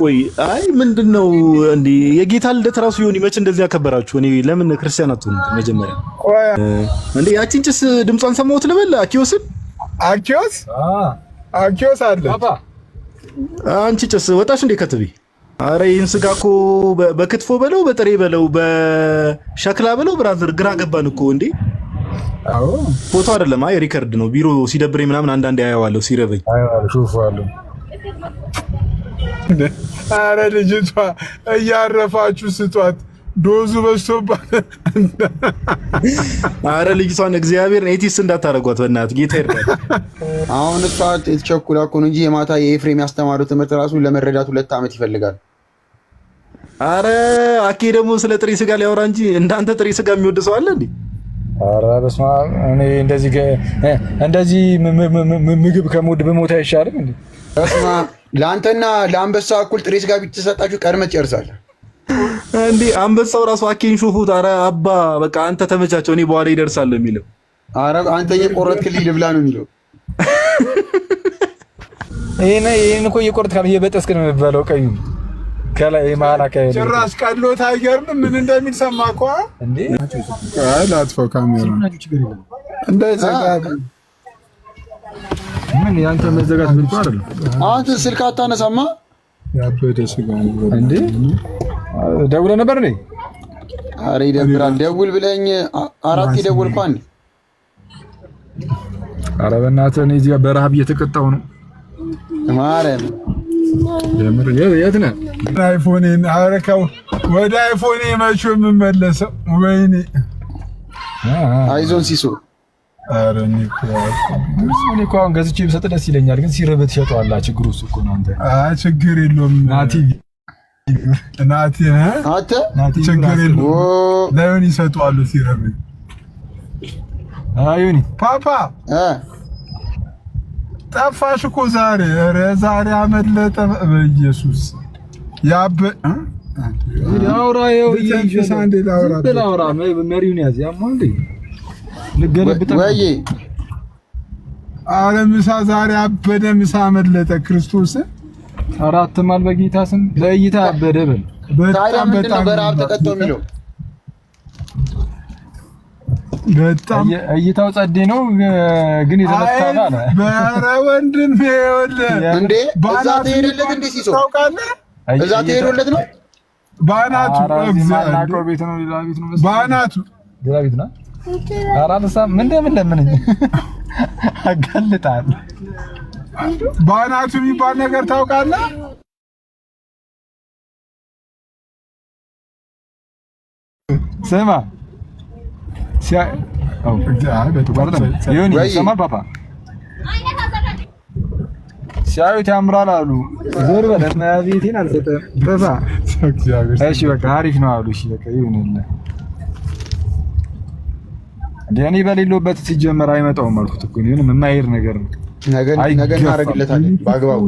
ቆይ አይ ምንድን ነው እንዴ? የጌታ ልደት ራሱ ዮኒ መች እንደዚህ ያከበራችሁ? እኔ ለምን ክርስቲያን አትሆኑ? መጀመሪያ እንዴ ያቺን ጭስ ድምጿን ሰማሁት ልበል። አኪዮስን አኪዮስ አኪዮስ አለ አንቺ ጭስ ወጣሽ እንዴ ከትቤ? አረ ይህን ስጋ እኮ በክትፎ በለው በጥሬ በለው በሸክላ በለው ብራዘር፣ ግራ ገባን እኮ እንዴ። ፎቶ አይደለም አይ ሪከርድ ነው። ቢሮ ሲደብረኝ ምናምን አንዳንዴ አየዋለሁ ሲረበኝ አረ ልጅቷ እያረፋችሁ ስጧት። ዶዙ በዝቶባት። አረ ልጅቷን እግዚአብሔር ኤቲስ እንዳታደርጓት በእናት ጌታ ይርዳ። አሁን እሷ የተቸኩላ እኮ ነው እንጂ የማታ የኤፍሬም ያስተማረው ትምህርት ራሱ ለመረዳት ሁለት ዓመት ይፈልጋል። አረ አኬ ደግሞ ስለ ጥሬ ስጋ ሊያወራ እንጂ እንዳንተ ጥሬ ስጋ የሚወድ ሰው አለ እንዴ? አረ በስመ አብ። እኔ እንደዚህ እንደዚህ ምግብ ከመውድ በሞት አይሻልም እንዴ? ለአንተና ለአንበሳ እኩል ጥሬ ስጋ ቢተሰጣችሁ ቀድመህ ትጨርሳለህ። እንዴ አንበሳው ራሱ አኬን ሹፉት። ኧረ አባ በቃ አንተ ተመቻቸው፣ እኔ በኋላ ይደርሳል የሚለው አረ አንተ እየቆረጥክልኝ ልብላ ነው የሚለው። ይህን እኮ እየቆረጥክ እየበጠስክ ነው የሚባለው። ቀኙ ከላይ የመሀል አካባቢ ጭራሽ ቀሎት አይገርምም። ምን እንደሚል ሰማህ እኮ ላጥፈው ካሜራ እንዳይዘጋ ምን ያንተ መዘጋት ብልኩ አይደለም። አንተ ስልክ አታነሳማ እንዴ? ደውለ ነበር ነኝ። አረ ይደብራል። ደውል ብለኝ አራት የደወልኩ አንዴ። አረ በእናትህ እኔ እዚህ በረሃብ እየተቀጣሁ ነው። ማረም ደምር የት ነህ? አይፎኔን አረከው ወደ አይፎኔ መቼ የምመለሰው? ወይኔ አይዞን ሲሶ እኔ እኮ አሁን ገዝቼ ብሰጥ ደስ ይለኛል፣ ግን ሲርብህ ትሸጠዋለህ። ችግሩ እሱ እኮ ነው። አንተ ችግር የለውም ናቲ ናቲ ችግር የለውም። ለዮኒ ይሰጠዋሉ ሲርብህ። ዮኒ ፓፓ ጠፋሽ እኮ ዛሬ። ኧረ ዛሬ አመለጠ በኢየሱስ ያበ አውራ ይኸው ላውራ መሪውን ያዝ ያማ እንደ ወይ አረ ምሳ ዛሬ አበደ። ምሳ መለጠ ክርስቶስ አራት ማል በጌታ ስም ለእይታ አበደ። በል በጣም በጣም በራብ ተቀጥቶ የሚለው በጣም እይታው ጸዴ ነው፣ ግን የተመታና ነው። ኧረ ወንድሜ ይኸውልህ እንዴ እዛ ትሄድለት እንዴ ሲሶ ታውቃለህ? እዛ ትሄዱለት ነው። በአናቱ እግዚአብሔር ሌላ ቤት ነው፣ በአናቱ ሌላ ቤት ነው አራንሳ ምን ለምን ለምን አጋልጣል። ባናቱ የሚባል ነገር ታውቃለህ? ስማ ሲያዩት ያምራል አሉ። ዞር በለት መያዝ ቤቴን አልሰጠህም። እሺ በቃ አሪፍ ነው አሉ። እሺ በቃ ይሁንልህ እኔ በሌለበት ሲጀመር አይመጣውም አልኩት እኮ ይሁን የማይሄድ ነገር ነው። ነገ እናደርግለታለን በአግባቡ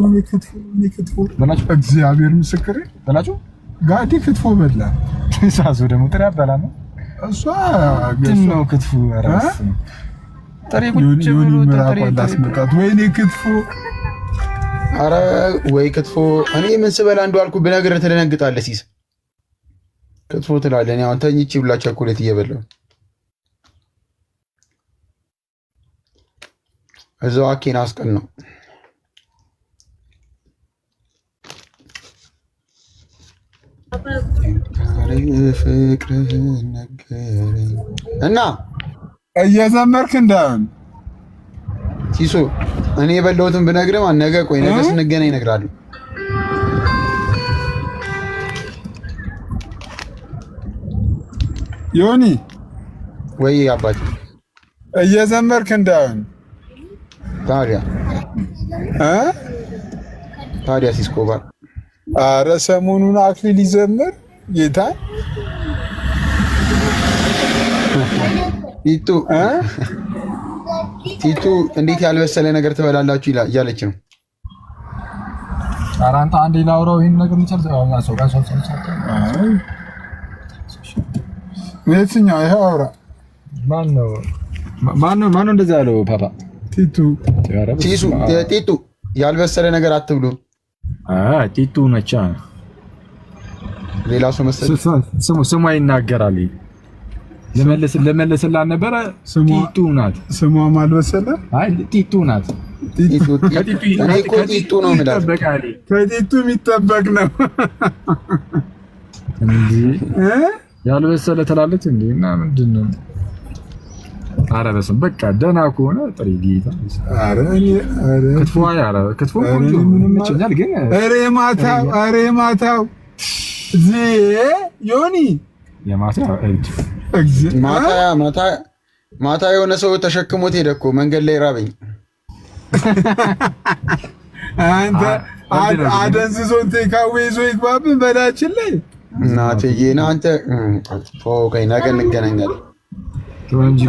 እግዚአብሔር ምስክር በላቸው። ጋዲ ክትፎ በላ ሳሱ ደግሞ ጥሬ አበላ ነው እሷ ነው ክትፎ ራስ ጥሬ ቁጭ ብሎ ጥሬ ታስመጣት ወይኔ ክትፎ አረ ወይ ክትፎ እኔ ምን ስበላ እንደው አልኩ ብነግርህ ትደነግጣለህ። ሲስ ክትፎ ትላለህ። እኔ አሁን ተኝቼ ሁላ ቸኮሌት እየበላሁ እዛው አኬን አስቀል ነው። እና እየዘመርክ እንዳይሆን ሲሱ እኔ የበለውትን ብነግር ነገ ቆይ ነገ ስንገናኝ ይነግራሉ። ዮኒ ወይ አባት እየዘመርክ እንዳይሆን ታዲያ ታዲያ ሲስኮባ አረ ሰሞኑን አክሊል ይዘምር ጌታ ቲቱ እ ቲቱ እንዴት ያልበሰለ ነገር ትበላላችሁ እያለች ነው። ኧረ አንተ አንዴ ላውራው ይሄን ነገር የትኛው ይሄ አውራ ማን ነው ማነው ማነው እንደዚህ ያለው ፓፓ ቲቱ ቲሱ ቲቱ ያልበሰለ ነገር አትብሉ። ቲቱ ነቻ ሌላ ሰው መሰለኝ ስሟ ይናገራል። ለመለስ ለመለስላ ነበረ ቲቱ ናት። ስሟ አይ ቲቱ ናት። ጢጡ ነው ከጢጡ የሚጠበቅ ነው። ያልበሰለ ትላለች እንዴ? እና ምንድን ነው አረ በስመ በቃ ደህና ከሆነ ጥሪ ጌታ ክትፎ ይመቸኛል፣ ግን ዮኒ ማታ የሆነ ሰው ተሸክሞት ሄደ እኮ መንገድ ላይ ራበኝ። አንተ አደንዝዞን ቴካዌ ይዞ ይግባብን በላችን ላይ ና አንተ ነገ እንገናኛለን። እንጂ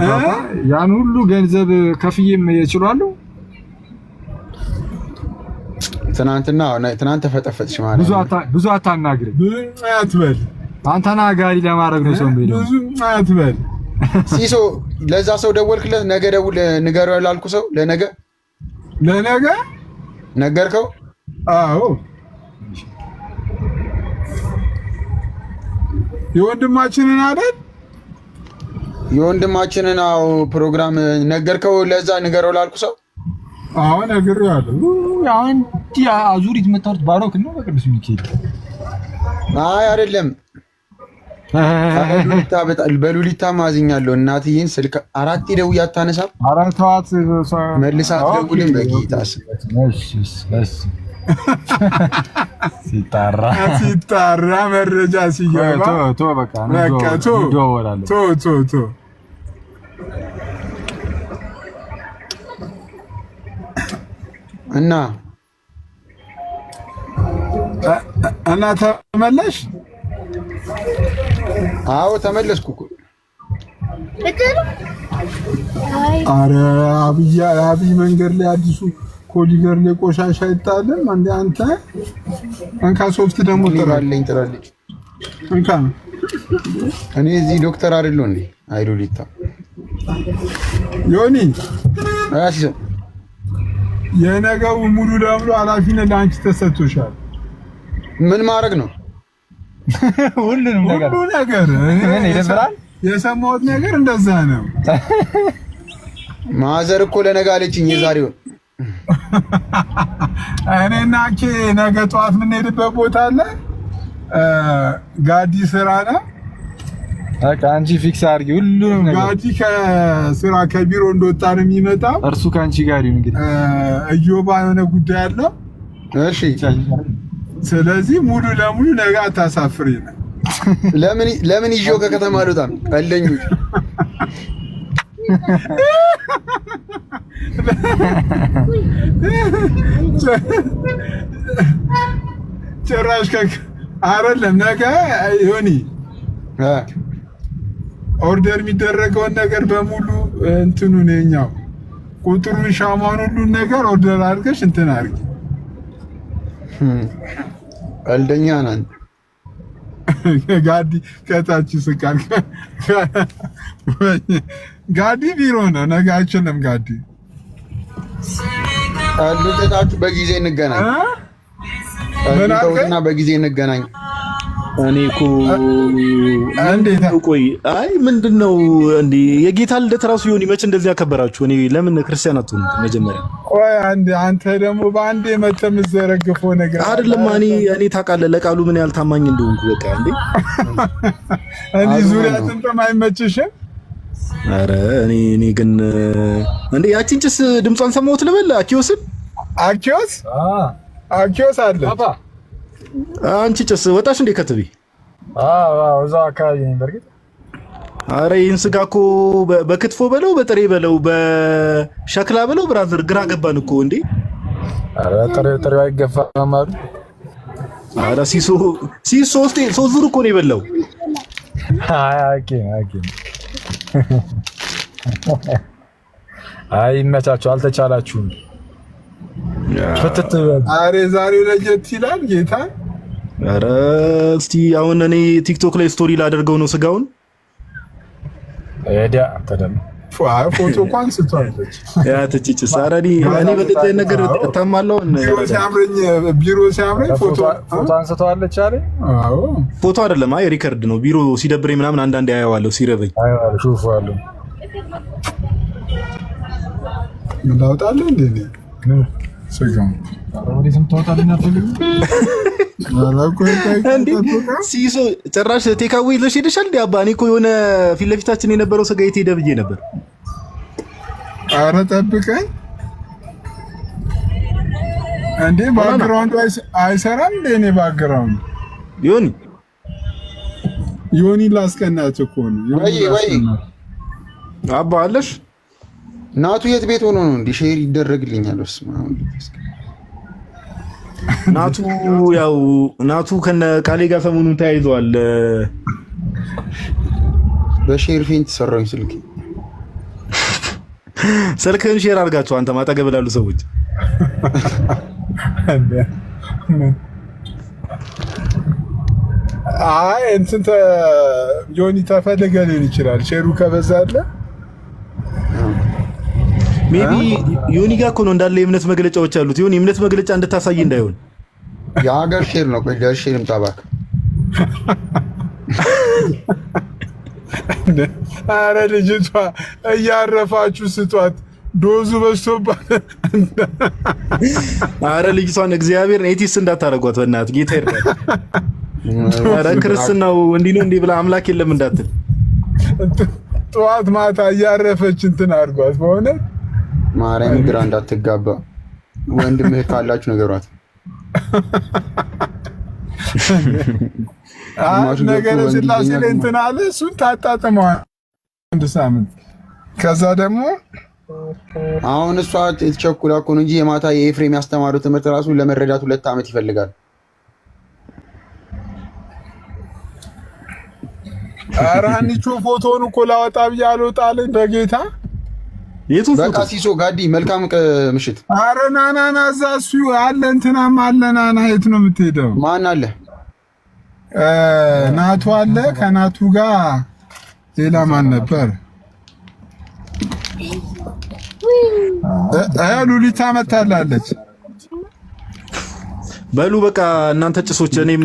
ያን ሁሉ ገንዘብ ከፍዬም እችላለሁ። ትናንትና ትናንት ተፈጠፈጥሽ ማለት ብዙ አታ ብዙ አታናግረኝ፣ አትበል። አንተ ናጋሪ ለማድረግ ነው ሰው ሄደ። ብዙ አትበል ሲሶ። ለዛ ሰው ደወልክለት? ነገ ደውል ንገረው ያላልኩ ሰው ለነገ ለነገ ነገርከው? አዎ የወንድማችንን አይደል የወንድማችንን አዎ ፕሮግራም ነገርከው? ለዛ ንገረው ላልኩ ሰው አሁን ነገር ያለው አሁን አዙሪት የምታወርድ ባሮክ ነው በቅዱስ ሚካኤል አይ አይደለም በሉሊታ ማዝኛለሁ። እናትዬን ስልክ አራት ደው አታነሳም። አራተዋት መልሳ አትደውልም። በጌታ ሲጣራ ሲጣራ መረጃ ሲገባ እና እና ተመለሽ? አዎ ተመለስኩ አረ አብይ አብይ መንገድ ላይ አዲሱ ኮሊደር ላይ ቆሻሻ አይጣልም። አንዴ አንተ እንካ ሶፍት ደግሞ ጥራለኝ ጥራለች። እንካ እኔ እዚህ ዶክተር አይደለሁ እንዴ? አይዶሊታ ዮኒ አያሲሰ የነገው ሙሉ ለሙሉ ኃላፊነት ለአንቺ ተሰጥቶሻል። ምን ማድረግ ነው? ሁሉንም ነገር ሁሉ ነገር የሰማሁት ነገር እንደዛ ነው። ማዘር እኮ ለነገ አለችኝ። የዛሬውን እኔና አንቺ ነገ ጠዋት የምንሄድበት ቦታ አለ። ጋዲ ስራ ነው በቃ አንቺ ፊክስ አድርጊ ሁሉንም ነገር። ጋጂ ከስራ ከቢሮ እንደወጣ ነው የሚመጣው። እርሱ ከአንቺ ጋር ይሁን። እንግዲህ እዮባ የሆነ ጉዳይ አለ። እሺ፣ ስለዚህ ሙሉ ለሙሉ ነገ አታሳፍሪ። ለምን ለምን ይዤው ከከተማ አልወጣም? ቀለኞች ጭራሽ ከ አይደለም ነገ ይሆኒ ኦርደር የሚደረገውን ነገር በሙሉ እንትኑ ነኛው ቁጥሩን ሻማን ሁሉን ነገር ኦርደር አድርገሽ እንትን አድርጊ። ቀልደኛ ነን። ጋዲ ከታች ስቃል። ጋዲ ቢሮ ነው፣ ነገ አይችልም። ጋዲ ቀልድ በጊዜ እንገናኝ እና በጊዜ እንገናኝ። እኔ እኮ ቆይ፣ አይ ምንድን ነው እንዴ? የጌታ ልደት ራሱ ይሁን መች እንደዚህ ያከበራችሁ? እኔ ለምን ክርስቲያን አትሆኑ? መጀመሪያ ቆይ አንዴ፣ አንተ ደግሞ በአንድ መተህ የምትዘረግፈው ነገር አይደለም። እኔ እኔ ታውቃለህ፣ ለቃሉ ምን ያህል ታማኝ እንደሆንኩ በቃ። እንዴ እኔ ዙሪያ ጥምጥም አይመችሽም? ኧረ እኔ እኔ ግን እንዴ ያቺን ጭስ ድምጿን ሰማሁት ልበል። አኪዮስን አኪዮስ አኪዮስ አለ አንቺ ጭስ ወጣሽ እንዴ? ከትቢ አዎ እዛ አካባቢ ነኝ። በርግጥ። አረ ይህን ስጋ እኮ በክትፎ በለው በጥሬ በለው በሸክላ በለው ብራዘር፣ ግራ ገባን እኮ እንዴ። አረ ጥሬው አይገፋም አሉ። አረ ሲሶ ሲሶ ሶስት ዙር እኮ ነው የበላው። አይ አይ ይመቻችሁ፣ አልተቻላችሁም። ፍትት ዛሬ ለጀት ይላል ጌታ ኧረ እስቲ አሁን እኔ ቲክቶክ ላይ ስቶሪ ላደርገው ነው። ስጋውን ሄዳ ተደም ፎቶ እንኳን ስታለች ያ ትጭጭ ሳራዲ እኔ በልጥ ነገር እታማለሁ። ሲያምረኝ ቢሮ ሲያምረኝ ፎቶ ፎቶ አንስተዋለች አለ። አዎ ፎቶ አይደለም፣ አይ ሪከርድ ነው። ቢሮ ሲደብረኝ ምናምን አንዳንዴ አየዋለሁ፣ ሲረበኝ አየዋለሁ፣ ሹፋለሁ። ምን ላውጣለሁ እንዴ ሲሶ ጭራሽ ቴካዌ ይዘሽ ሄደሻል። አባ እኔ እኮ የሆነ ፊት ለፊታችን የነበረው ስጋ የት ሄደ ብዬ ነበር። አረ ጠብቀኝ እንዴ! ባክግራውንድ አይሰራም እንዴ? እኔ ባክግራውንድ ዮኒ ዮኒ ላስቀናት እኮ ነው። ወይ ወይ አባ አለሽ ናቱ የት ቤት ሆኖ ነው እንዲ ሼር ይደረግልኛል? ስ ናቱ ያው ናቱ ከነ ጋር ሰሞኑን ተያይዘዋል። በሼር ፌንት ሰራኝ ስልክ ስልክህን ሼር አድርጋቸው አንተ ማጠገብ ላሉ ሰዎች አይ እንትን ዮኒ ተፈለገ ሊሆን ይችላል ሼሩ ከበዛ አለ ቢ ዮኒ ጋ እኮ ነው እንዳለ የእምነት መግለጫዎች አሉት። ይሁን የእምነት መግለጫ እንድታሳይ እንዳይሆን የሀገር ሼር ነው። ቆይ ደርሼ ልምጣ እባክህ። አረ ልጅቷ እያረፋችሁ ስጧት፣ ዶዙ በዝቶባት። አረ ልጅቷን እግዚአብሔር ኤቲስ እንዳታረጓት በእናትህ ጌታ ይርዳል። አረ ክርስትናው እንዲህ ነው እንዲህ ብላ አምላክ የለም እንዳትል ጠዋት ማታ እያረፈች እንትን አድርጓት በእውነት ማርያም ግራ እንዳትጋባ ወንድምህ ካላችሁ ነገሯት። ነገረ ስላሴ እንትን አለ። እሱን ታጣጥመዋል አንድ ሳምንት። ከዛ ደግሞ አሁን እሷ የተቸኩላ እኮ ነው እንጂ የማታ የኤፍሬም ያስተማሩ ትምህርት ራሱ ለመረዳት ሁለት ዓመት ይፈልጋል። አራኒቾ ፎቶን እኮ ላወጣ ብዬ አልወጣልኝ በጌታ የቱ በቃ ሲሶ ጋዲ መልካም ምሽት። አረ ናናና እዛ እሱ አለ እንትናም አለ ናና። የት ነው የምትሄደው? ማን አለ? ናቱ አለ። ከናቱ ጋር ሌላ ማን ነበር? አያ ሉሊታ መታላለች። በሉ በቃ እናንተ ጭሶች፣ እኔም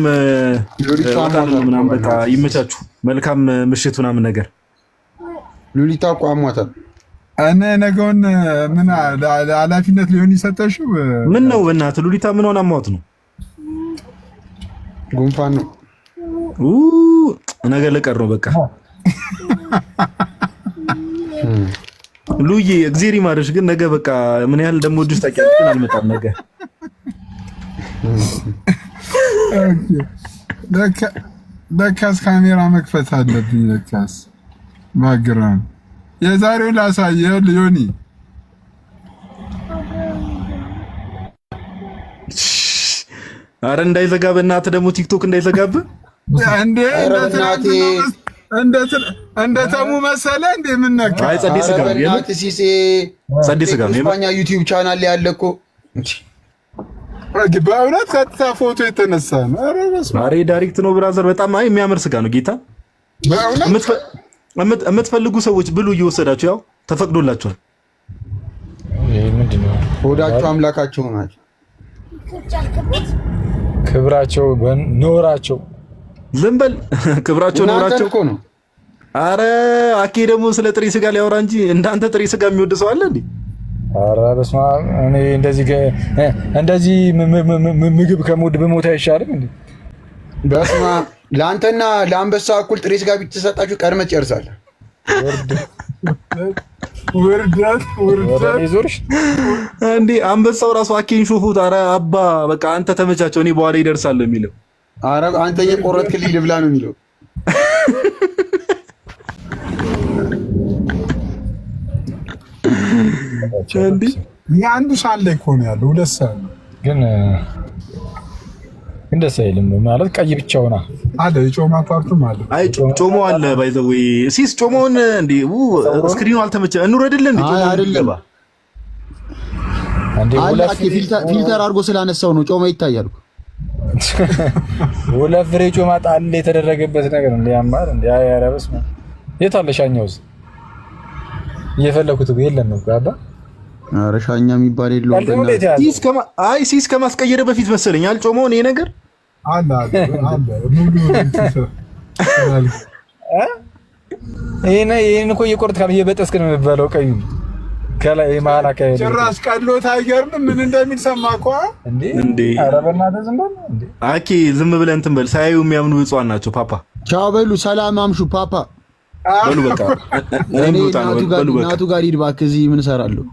ምናምን በቃ ይመቻችሁ። መልካም ምሽት ምናምን ነገር ሉሊታ ቋሟታል። እኔ ነገውን ምን ኃላፊነት ሊሆን ይሰጠሽው? ምን ነው በእናትህ ሉሊታ፣ ምን ሆነ? አሟት ነው ጉንፋን ነው ነገር ለቀር ነው በቃ ሉዬ፣ እግዜር ይማርሽ። ግን ነገ በቃ ምን ያህል ደሞ ወድሽ ታውቂያለሽ። ግን አልመጣም ነገ በቃስ ካሜራ መክፈት አለብኝ። በቃስ ባግራውንድ የዛሬው ላሳየ ሊዮኒ አረ እንዳይዘጋብ እናት ደግሞ ቲክቶክ እንዳይዘጋብ እንዴ እንደ ተሙ መሰለ እንዴ ምን ነካ? አይ ጸዴ ስጋ ሲሴ ጸዴ ስጋ ነው የማኛ ዩቲዩብ ቻናል ላይ ያለ እኮ በእውነት ቀጥታ ፎቶ የተነሳ ነው። አረ ዳይሬክት ነው ብራዘር። በጣም አይ የሚያምር ስጋ ነው ጌታ በእውነት የምትፈልጉ ሰዎች ብሉ እየወሰዳችሁ ያው ተፈቅዶላችኋል። ሆዳችሁ አምላካችሁ ናቸው። ክብራቸው ኖራቸው ዝም በል ክብራቸው ኖራቸው እኮ ነው። አረ አኬ ደግሞ ስለ ጥሬ ስጋ ሊያወራ እንጂ እንዳንተ ጥሬ ስጋ የሚወድ ሰው አለ እንዴ? አረ በስመ አብ። እኔ እንደዚህ እንደዚህ ምግብ ከሞድ በሞት አይሻልም እንዴ? በስመ አብ ለአንተና ለአንበሳ እኩል ጥሬ ስጋ ብትሰጣችሁ ቀድመ ትጨርሳለህ። እንዴ አንበሳው ራሱ አኬን ሹፉት። ኧረ አባ በቃ አንተ ተመቻቸው፣ እኔ በኋላ ይደርሳል የሚለው ኧረ አንተ እየቆረጥክልኝ ልብላ ነው የሚለው። እንዲህ አንዱ ሳለ እኮ ያለ ሁለት ሰ ግን ግን ደስ አይልም ማለት ቀይ ብቻውና አለ የጮማ ፓርቱም አለ። አይ ጮሞ አለ ባይ ዘ ወይ ሲስ ጮሞን እንዴ ስክሪኑ አልተመቸ እንሩ አይደለ ጮሞ አይደለም አንዴ ወላፊ ፊልተር አድርጎ ስላነሳው ነው ጮማ ይታያል። ፍሬ ጮማ ጣል የተደረገበት ነገር እንዴ ያማር እንዴ አይ አረብስ የታለሻኛውስ እየፈለኩት የለም ነው አባ ኧረ ሻኛ የሚባል የለውም። አይ ሲስ ከማስቀየር በፊት መሰለኝ አልጮመውን እኔ ነገር ይህን እኮ እየቆረጥክ ነው እየበጠስክ ነው የሚባለው። ቀዩ ከላይ መሀል አካባቢ ጭራሽ ቀሎት አይገርም። ምን እንደሚል ሰማ እኮ አኬ ዝም ብለህ እንትን በል። ሳያዩ የሚያምኑ እጽዋን ናቸው። ፓፓ ቻው በሉ። ሰላም አምሹ ፓፓ በሉ። በቃ እናቱ ጋር ሂድ እባክህ። እዚህ ምን እሰራለሁ?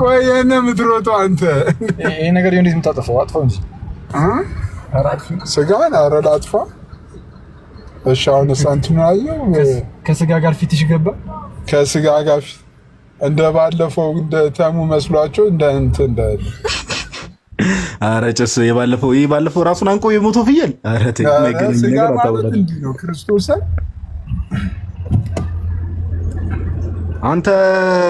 ቆይ የእነ የምትሮጠው አንተ ይሄ ነገር እንዴት የምታጠፋው? አጥፋው እንጂ ስጋን። ኧረ ላጥፋ። እሺ አሁን እንትኑ አየው ከስጋ ጋር ፊትሽ ገባ። ከስጋ ጋር እንደ ባለፈው እንደ ተሙ መስሏቸው እንደ እንትን እንደ አረ ጭስ የባለፈው ይህ ባለፈው ራሱን አንቆ የሞቶ ፍየል አረ ተይ፣ የማይገናኝ ነገር አታወራለህ። ክርስቶስ አንተ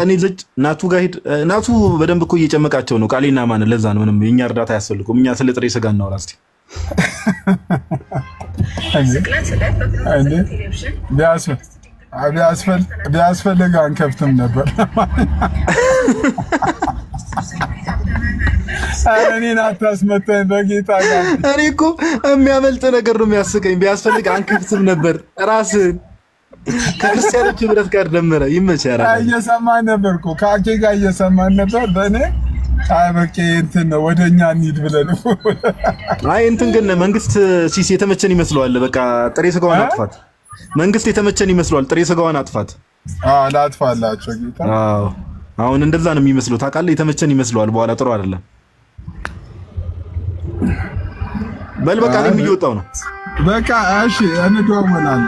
እኔ ልጅ ናቱ ጋር ሂድ። ናቱ በደንብ እኮ እየጨመቃቸው ነው ቃሌና ማን። ለዛ ነው ምንም የኛ እርዳታ አያስፈልጉም። እኛ ስለ ጥሬ ስጋ እናውራ እስኪ ቢያስፈልግ አንከፍትም ነበር። እኔን አታስመታኝ በጌታ። እኔ እኮ የሚያመልጥ ነገር ነው የሚያስቀኝ። ቢያስፈልግ አንከፍትም ነበር ራስን ከክርስቲያኖች ህብረት ጋር ደመረ። ይመቻል። እየሰማን ነበር እኮ ከአኬ ጋር እየሰማን ነበር። በእኔ አይ በቃ እንትን ነው ወደ እኛ እንሂድ ብለን። አይ እንትን ግን መንግስት ሲስ የተመቸን ይመስለዋል። በቃ ጥሬ ስጋዋን አጥፋት። መንግስት የተመቸን ይመስለዋል። ጥሬ ስጋዋን አጥፋት። ላጥፋላቸው ጌታ። አዎ አሁን እንደዛ ነው የሚመስለው። ታውቃለህ፣ የተመቸን ይመስለዋል። በኋላ ጥሩ አይደለም። በል በቃ እኔም ነው። በቃ እሺ፣ እንደዋወላለን።